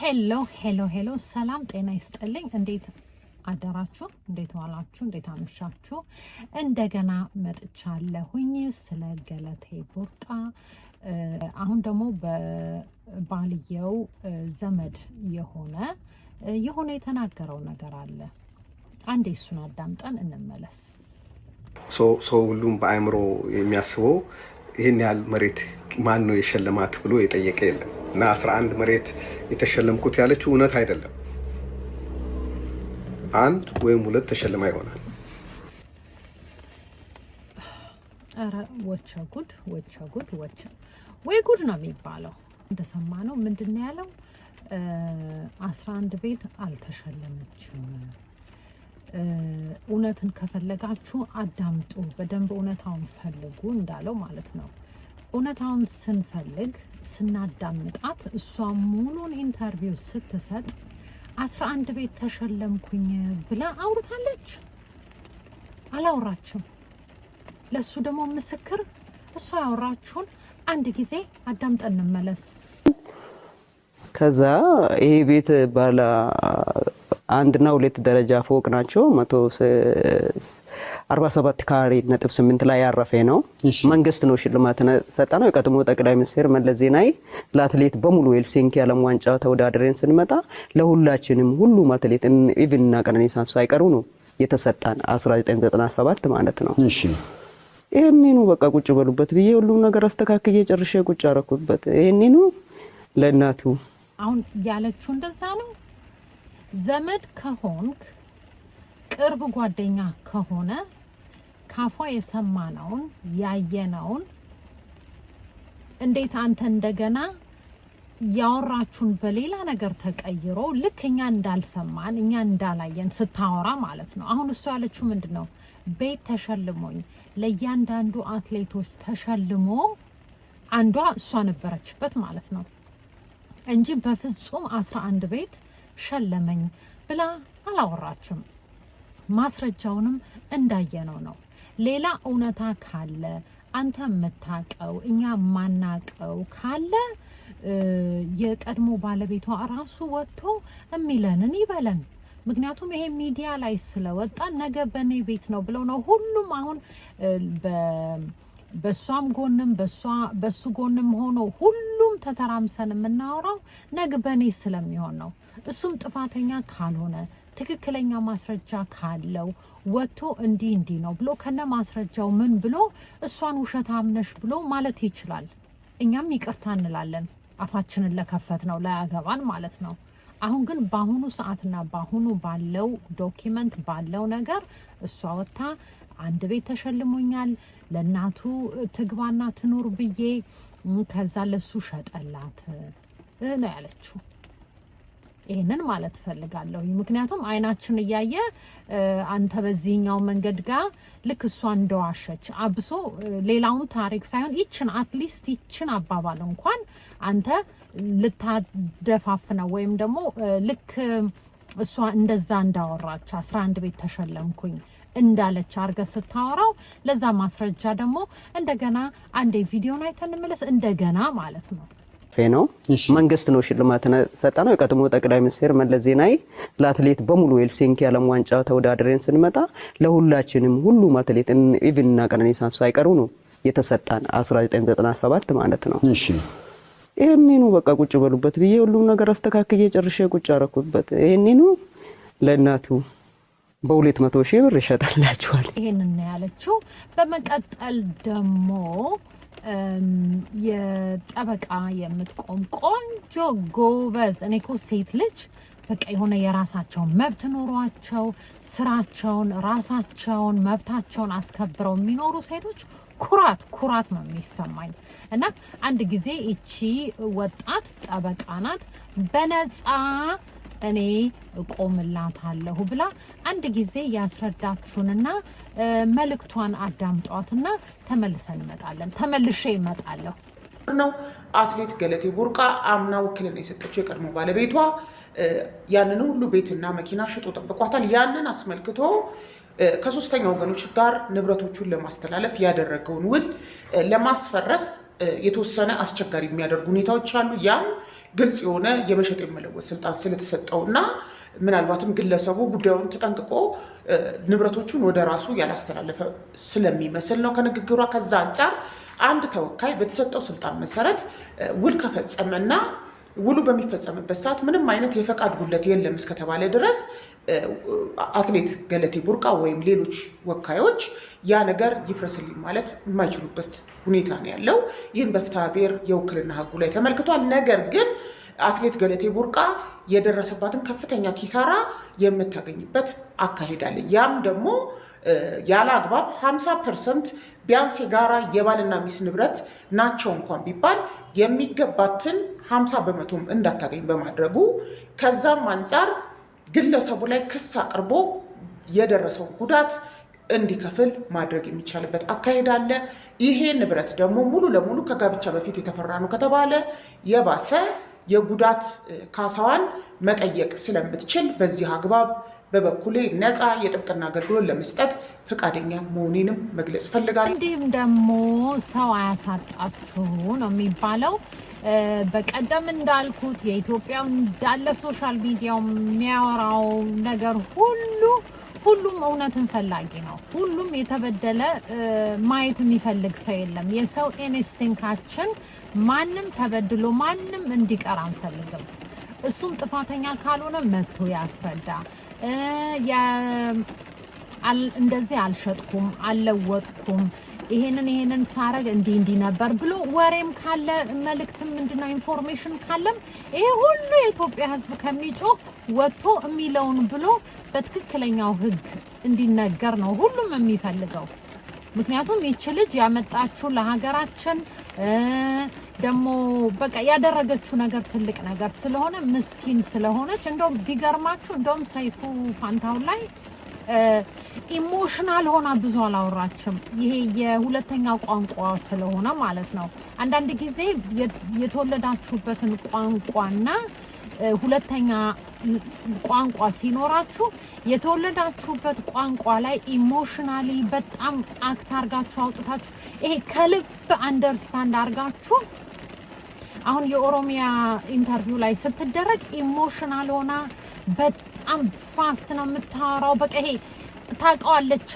ሄሎ ሄሎ ሄሎ፣ ሰላም ጤና ይስጥልኝ። እንዴት አደራችሁ? እንዴት ዋላችሁ? እንዴት አመሻችሁ? እንደገና መጥቻለሁኝ ስለ ገለቴ ቡርቃ። አሁን ደግሞ በባልየው ዘመድ የሆነ የሆነ የተናገረው ነገር አለ። አንዴ እሱን አዳምጠን እንመለስ። ሰው ሁሉም በአእምሮ የሚያስበው ይህን ያህል መሬት ማን ነው የሸለማት ብሎ የጠየቀ የለም እና አስራ አንድ መሬት የተሸለምኩት ያለችው እውነት አይደለም። አንድ ወይም ሁለት ተሸልማ ይሆናል። ኧረ ወቸ ጉድ ወቸ ጉድ ወቸ ወይ ጉድ ነው የሚባለው። እንደሰማ ነው ምንድን ነው ያለው? አስራ አንድ ቤት አልተሸለመችም። እውነትን ከፈለጋችሁ አዳምጡ፣ በደንብ እውነታውን ፈልጉ እንዳለው ማለት ነው። እውነታውን ስንፈልግ ስናዳምጣት እሷ ሙሉን ኢንተርቪው ስትሰጥ አስራ አንድ ቤት ተሸለምኩኝ ብላ አውርታለች። አላወራችም። ለእሱ ደግሞ ምስክር እሷ ያወራችሁን አንድ ጊዜ አዳምጠን እንመለስ። ከዛ ይሄ ቤት ባለ አንድና ሁለት ደረጃ ፎቅ ናቸው መቶ 47 ካሬ ነጥብ 8 ላይ ያረፈ ነው። መንግስት ነው ሽልማት ሰጠ ነው። የቀድሞ ጠቅላይ ሚኒስትር መለስ ዜናዊ ለአትሌት በሙሉ ሄልሲንኪ ዓለም ዋንጫ ተወዳድረን ስንመጣ ለሁላችንም ሁሉም አትሌት ኢቭን እና ቀነኒሳ ሳይቀሩ ነው የተሰጠን 1997 ማለት ነው። እሺ ይሄኔ ነው በቃ ቁጭ በሉበት ብዬ ሁሉም ነገር አስተካክዬ ጨርሼ ቁጭ አረኩበት። ይሄኔ ነው ለእናቱ አሁን ያለችው እንደዛ ነው። ዘመድ ከሆንክ ቅርብ ጓደኛ ከሆነ ካፏ የሰማነውን ያየነውን እንዴት አንተ እንደገና ያወራችሁን በሌላ ነገር ተቀይሮ ልክ እኛ እንዳልሰማን እኛ እንዳላየን ስታወራ ማለት ነው። አሁን እሱ ያለችው ምንድን ነው? ቤት ተሸልሞኝ ለእያንዳንዱ አትሌቶች ተሸልሞ አንዷ እሷ ነበረችበት ማለት ነው እንጂ በፍጹም አስራ አንድ ቤት ሸለመኝ ብላ አላወራችም። ማስረጃውንም እንዳየነው ነው ሌላ እውነታ ካለ አንተ የምታቀው እኛ ማናቀው ካለ የቀድሞ ባለቤቷ ራሱ ወጥቶ የሚለንን ይበለን። ምክንያቱም ይሄ ሚዲያ ላይ ስለወጣ ነገ በእኔ ቤት ነው ብለው ነው ሁሉም አሁን በእሷም ጎንም በሱ ጎንም ሆኖ ሁሉም ተተራምሰን የምናወራው ነግ በእኔ ስለሚሆን ነው። እሱም ጥፋተኛ ካልሆነ ትክክለኛ ማስረጃ ካለው ወጥቶ እንዲህ እንዲህ ነው ብሎ ከነ ማስረጃው ምን ብሎ እሷን ውሸት አምነሽ ብሎ ማለት ይችላል። እኛም ይቅርታ እንላለን፣ አፋችንን ለከፈት ነው ላያገባን ማለት ነው። አሁን ግን በአሁኑ ሰዓትና በአሁኑ ባለው ዶኪመንት ባለው ነገር እሷ ወጥታ አንድ ቤት ተሸልሞኛል ለእናቱ ትግባና ትኑር ብዬ ከዛ ለሱ ሸጠላት ነው ያለችው። ይህንን ማለት እፈልጋለሁ። ምክንያቱም አይናችን እያየ አንተ በዚህኛው መንገድ ጋር ልክ እሷ እንደዋሸች አብሶ ሌላውን ታሪክ ሳይሆን ይችን አትሊስት ይችን አባባል እንኳን አንተ ልታደፋፍነው ወይም ደግሞ ልክ እሷ እንደዛ እንዳወራች አስራ አንድ ቤት ተሸለምኩኝ እንዳለች አርገ ስታወራው ለዛ ማስረጃ ደግሞ እንደገና አንዴ ቪዲዮን አይተን እንመለስ እንደገና ማለት ነው። ነው። መንግስት ነው ሰጠ ነው። የቀድሞ ጠቅላይ ሚኒስትር መለስ ዜናዊ ለአትሌት በሙሉ ሄልሲንኪ ዓለም ዋንጫ ተወዳድረን ስንመጣ ለሁላችንም ሁሉም አትሌት ኢቭን እና ቀነኒሳ ሳይቀሩ ነው የተሰጠን 1997 ማለት ነው። ይህንኑ በቃ ቁጭ በሉበት ብዬ ሁሉም ነገር አስተካክዬ ጨርሼ ቁጭ አረኩበት። ይህንኑ ለእናቱ በሁለት መቶ ሺህ ብር ይሸጣላችኋል። ይህንን ያለችው በመቀጠል ደግሞ የጠበቃ የምትቆም ቆንጆ ጎበዝ። እኔ እኮ ሴት ልጅ በቃ የሆነ የራሳቸውን መብት ኖሯቸው ስራቸውን ራሳቸውን መብታቸውን አስከብረው የሚኖሩ ሴቶች ኩራት ኩራት ነው የሚሰማኝ። እና አንድ ጊዜ እቺ ወጣት ጠበቃ ናት በነፃ እኔ እቆምላታለሁ ብላ አንድ ጊዜ ያስረዳችሁንና መልእክቷን አዳምጧትና ተመልሰን እንመጣለን። ተመልሼ እመጣለሁ ነው አትሌት ገለቴ ቡርቃ አምና ውክልና የሰጠችው የቀድሞ ባለቤቷ ያንን ሁሉ ቤትና መኪና ሽጦ ጠብቋታል። ያንን አስመልክቶ ከሶስተኛ ወገኖች ጋር ንብረቶቹን ለማስተላለፍ ያደረገውን ውል ለማስፈረስ የተወሰነ አስቸጋሪ የሚያደርጉ ሁኔታዎች አሉ። ያም ግልጽ የሆነ የመሸጥ የመለወጥ ስልጣን እና ምናልባትም ግለሰቡ ጉዳዩን ተጠንቅቆ ንብረቶቹን ወደ ራሱ ያላስተላለፈ ስለሚመስል ነው ከንግግሯ። ከዛ አንጻር አንድ ተወካይ በተሰጠው ስልጣን መሰረት ውል ከፈጸመና ውሉ በሚፈጸምበት ሰዓት ምንም አይነት የፈቃድ ጉድለት የለም እስከተባለ ድረስ አትሌት ገለቴ ቡርቃ ወይም ሌሎች ወካዮች ያ ነገር ይፍረስልኝ ማለት የማይችሉበት ሁኔታ ነው ያለው። ይህን በፍትሐ ብሔር የውክልና ህጉ ላይ ተመልክቷል። ነገር ግን አትሌት ገለቴ ቡርቃ የደረሰባትን ከፍተኛ ኪሳራ የምታገኝበት አካሄድ አለ። ያም ደግሞ ያለ አግባብ 50 ፐርሰንት ቢያንስ የጋራ የባልና ሚስት ንብረት ናቸው እንኳን ቢባል የሚገባትን 50 በመቶም እንዳታገኝ በማድረጉ ከዛም አንጻር ግለሰቡ ላይ ክስ አቅርቦ የደረሰው ጉዳት እንዲከፍል ማድረግ የሚቻልበት አካሄድ አለ። ይሄ ንብረት ደግሞ ሙሉ ለሙሉ ከጋብቻ በፊት የተፈራ ነው ከተባለ የባሰ የጉዳት ካሳዋን መጠየቅ ስለምትችል በዚህ አግባብ በበኩሌ ነፃ የጥብቅና አገልግሎት ለመስጠት ፈቃደኛ መሆኔንም መግለጽ እፈልጋለሁ። እንዲህም ደግሞ ሰው አያሳጣችሁ ነው የሚባለው። በቀደም እንዳልኩት የኢትዮጵያ እንዳለ ሶሻል ሚዲያው የሚያወራው ነገር ሁሉ ሁሉም እውነትን ፈላጊ ነው። ሁሉም የተበደለ ማየት የሚፈልግ ሰው የለም። የሰው ኢንስቲንካችን ማንም ተበድሎ ማንም እንዲቀር አንፈልግም። እሱም ጥፋተኛ ካልሆነ መጥቶ ያስረዳ። እንደዚህ አልሸጥኩም፣ አልለወጥኩም ይሄንን ይሄንን ሳረግ እንዲህ እንዲህ ነበር ብሎ ወሬም ካለ መልእክትም ምንድነው ኢንፎርሜሽን ካለም ይሄ ሁሉ የኢትዮጵያ ሕዝብ ከሚጮህ ወጥቶ የሚለውን ብሎ በትክክለኛው ሕግ እንዲነገር ነው ሁሉም የሚፈልገው። ምክንያቱም ይች ልጅ ያመጣችው ለሀገራችን ደግሞ በቃ ያደረገችው ነገር ትልቅ ነገር ስለሆነ ምስኪን ስለሆነች እንደውም ቢገርማችሁ እንደውም ሰይፉ ፋንታውን ላይ ኢሞሽናል ሆና ብዙ አላወራችም። ይሄ የሁለተኛ ቋንቋ ስለሆነ ማለት ነው። አንዳንድ ጊዜ የተወለዳችሁበትን ቋንቋና ሁለተኛ ቋንቋ ሲኖራችሁ የተወለዳችሁበት ቋንቋ ላይ ኢሞሽናሊ በጣም አክት አርጋችሁ አውጥታችሁ ይሄ ከልብ አንደርስታንድ አርጋችሁ አሁን የኦሮሚያ ኢንተርቪው ላይ ስትደረግ ኢሞሽናል ሆና በጣም ፋስት ነው የምታወራው። በቃ ይሄ ታውቀዋለች።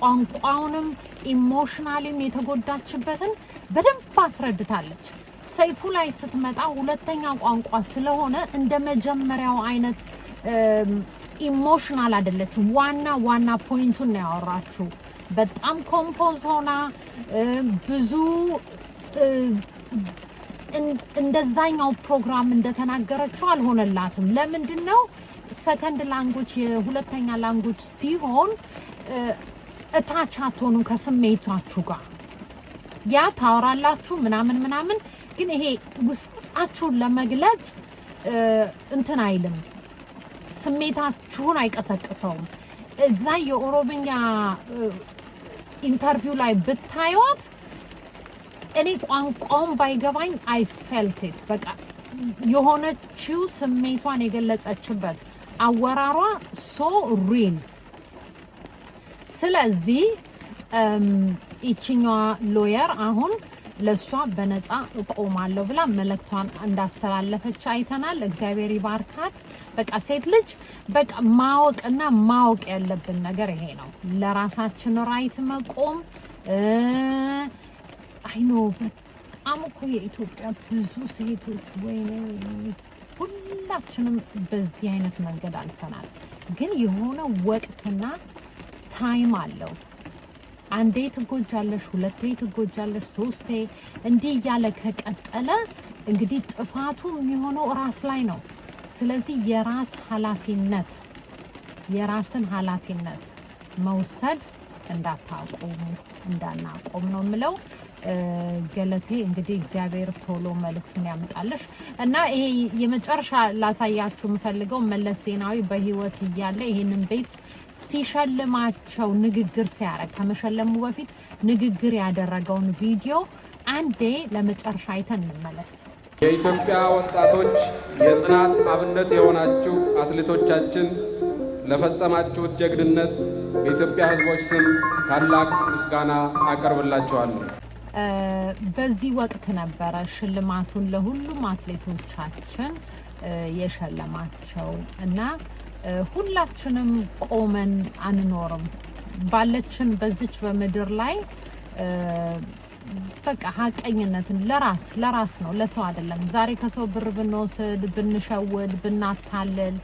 ቋንቋውንም ኢሞሽናሊም የተጎዳችበትን በደንብ አስረድታለች። ሰይፉ ላይ ስትመጣ ሁለተኛ ቋንቋ ስለሆነ እንደ መጀመሪያው አይነት ኢሞሽናል አይደለች። ዋና ዋና ፖይንቱን ነው ያወራችሁ። በጣም ኮምፖዝ ሆና ብዙ እንደዛኛው ፕሮግራም እንደተናገረችው አልሆነላትም። ለምንድን ነው ሰከንድ ላንጉጅ የሁለተኛ ላንጉጅ ሲሆን እታች አትሆኑም ከስሜታችሁ ጋር ያ ታወራላችሁ ምናምን ምናምን፣ ግን ይሄ ውስጣችሁን ለመግለጽ እንትን አይልም፣ ስሜታችሁን አይቀሰቅሰውም። እዛ የኦሮምኛ ኢንተርቪው ላይ ብታዩት እኔ ቋንቋውን ባይገባኝ አይ ፌልት ኢት በቃ የሆነችው ስሜቷን የገለጸችበት አወራሯ ሶ ሪል። ስለዚህ ይችኛዋ ሎየር አሁን ለእሷ በነፃ እቆማለሁ ብላ መልእክቷን እንዳስተላለፈች አይተናል። እግዚአብሔር ይባርካት። በቃ ሴት ልጅ በቃ ማወቅና ማወቅ ያለብን ነገር ይሄ ነው። ለራሳችን ራይት መቆም አይኖ በጣም እኮ የኢትዮጵያ ብዙ ሴቶች ወይ ሁላችንም በዚህ አይነት መንገድ አልፈናል። ግን የሆነ ወቅትና ታይም አለው። አንዴ ትጎጃለሽ፣ ሁለቴ ትጎጃለሽ፣ ሶስቴ እንዲህ እያለ ከቀጠለ እንግዲህ ጥፋቱ የሚሆነው ራስ ላይ ነው። ስለዚህ የራስ ኃላፊነት የራስን ኃላፊነት መውሰድ እንዳታቆሙ እንዳናቆም ነው የምለው። ገለቴ እንግዲህ እግዚአብሔር ቶሎ መልእክቱን ያምጣለሽ እና ይሄ የመጨረሻ ላሳያችሁ የምፈልገው መለስ ዜናዊ በህይወት እያለ ይህንን ቤት ሲሸልማቸው ንግግር ሲያደርግ ከመሸለሙ በፊት ንግግር ያደረገውን ቪዲዮ አንዴ ለመጨረሻ አይተን እንመለስ። የኢትዮጵያ ወጣቶች የጽናት አብነት የሆናችሁ አትሌቶቻችን ለፈጸማችሁት ጀግንነት በኢትዮጵያ ሕዝቦች ስም ታላቅ ምስጋና አቀርብላቸዋለሁ። በዚህ ወቅት ነበረ ሽልማቱን ለሁሉም አትሌቶቻችን የሸለማቸው እና ሁላችንም ቆመን አንኖርም ባለችን በዚች በምድር ላይ በቃ ሀቀኝነትን ለራስ ለራስ ነው፣ ለሰው አይደለም። ዛሬ ከሰው ብር ብንወስድ፣ ብንሸውድ፣ ብናታልል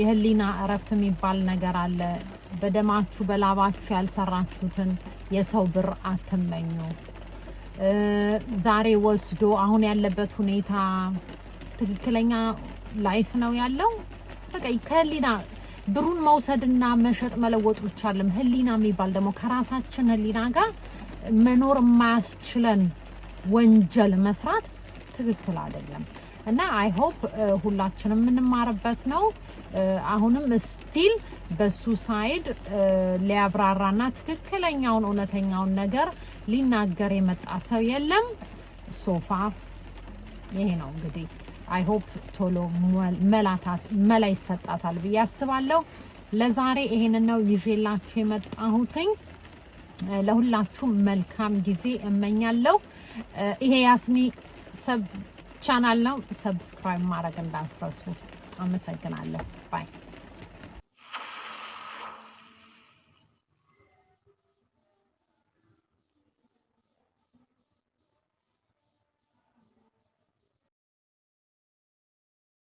የህሊና እረፍት የሚባል ነገር አለ። በደማችሁ በላባችሁ ያልሰራችሁትን የሰው ብር አትመኙ። ዛሬ ወስዶ አሁን ያለበት ሁኔታ ትክክለኛ ላይፍ ነው ያለው። በቃ ከህሊና ብሩን መውሰድና መሸጥ መለወጥ ብቻ አለም። ህሊና የሚባል ደግሞ ከራሳችን ህሊና ጋር መኖር የማያስችለን ወንጀል መስራት ትክክል አይደለም እና አይ ሆፕ ሁላችንም የምንማርበት ነው። አሁንም ስቲል በሱ ሳይድ ሊያብራራና ትክክለኛውን እውነተኛውን ነገር ሊናገር የመጣ ሰው የለም። ሶፋ ይሄ ነው እንግዲህ። አይ ሆፕ ቶሎ መላ ይሰጣታል ብዬ አስባለሁ። ለዛሬ ይሄንን ነው ይዤላችሁ የመጣሁትኝ። ለሁላችሁም መልካም ጊዜ እመኛለሁ። ይሄ ያስኒ ሰብ ቻናል ነው። ሰብስክራይብ ማድረግ እንዳትረሱ። አመሰግናለሁ ባይ